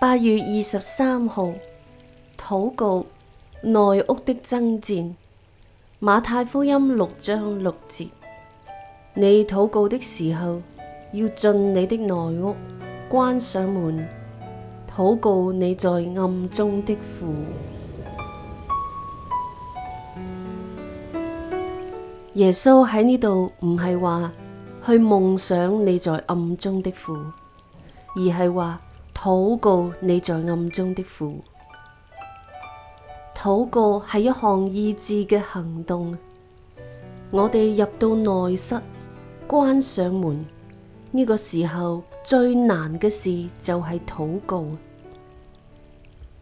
八月二十三號，禱告內屋的爭戰，馬太福音六章六節。你禱告的時候，要進你的內屋，關上門，禱告你在暗中的父。耶穌」耶穌喺呢度唔係話去夢想你在暗中的父，而係話。禱告你在暗中的父。禱告係一項意志嘅行動。我哋入到內室，關上門，呢、這個時候最難嘅事就係禱告。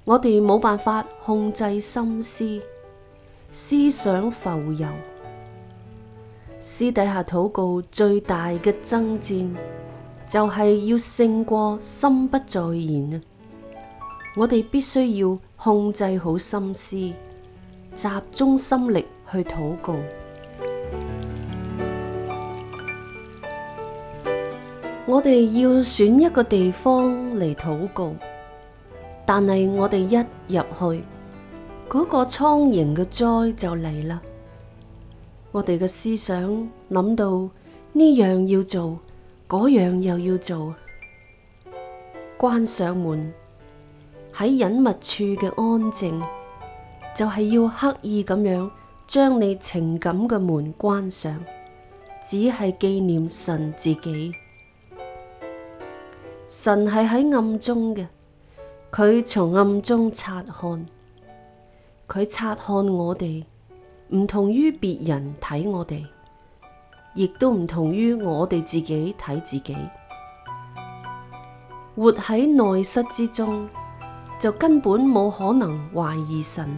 我哋冇辦法控制心思，思想浮游。私底下禱告最大嘅爭戰。就係要勝過心不在焉啊！我哋必須要控制好心思，集中心力去禱告。我哋要選一個地方嚟禱告，但係我哋一入去，嗰個蒼蠅嘅災就嚟啦！我哋嘅思想諗到呢樣要做。嗰樣又要做，關上門喺隱密處嘅安靜，就係要刻意咁樣將你情感嘅門關上，只係紀念神自己。神係喺暗中嘅，佢從暗中察看，佢察看我哋，唔同於別人睇我哋。亦都唔同於我哋自己睇自己，活喺內室之中，就根本冇可能懷疑神。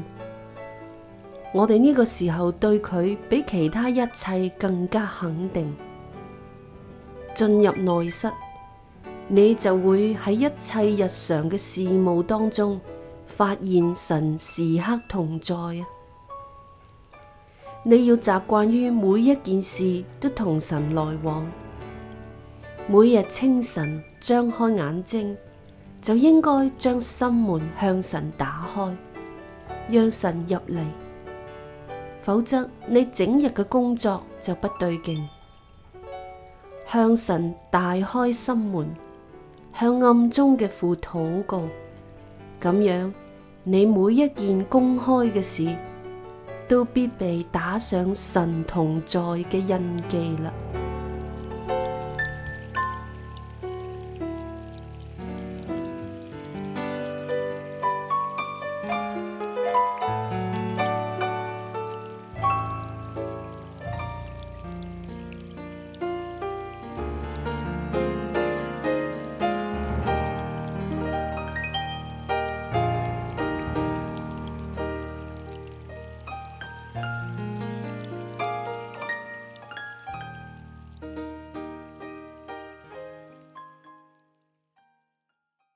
我哋呢個時候對佢比其他一切更加肯定。進入內室，你就會喺一切日常嘅事務當中，發現神時刻同在啊！你要習慣於每一件事都同神來往。每日清晨張開眼睛，就應該將心門向神打開，讓神入嚟。否則你整日嘅工作就不對勁。向神大開心門，向暗中嘅父禱告，咁樣你每一件公開嘅事。都必被打上神同在嘅印記啦。